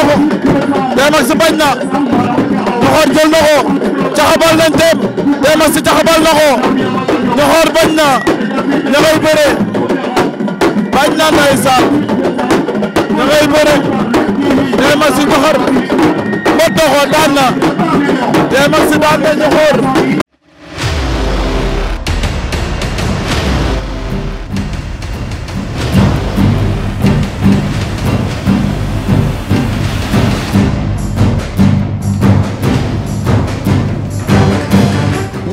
na ko Tmax bañ na Ñoxoor jël na ko caxabal nañ teem Tmax caxabal na ko Ñoxoor bañ na ña ngay bëre bañ na ndeysaan ña ngay bëre Tmax Ñoxoor mbot na ko daan na Tmax daan na Ñoxoor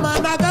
Semana da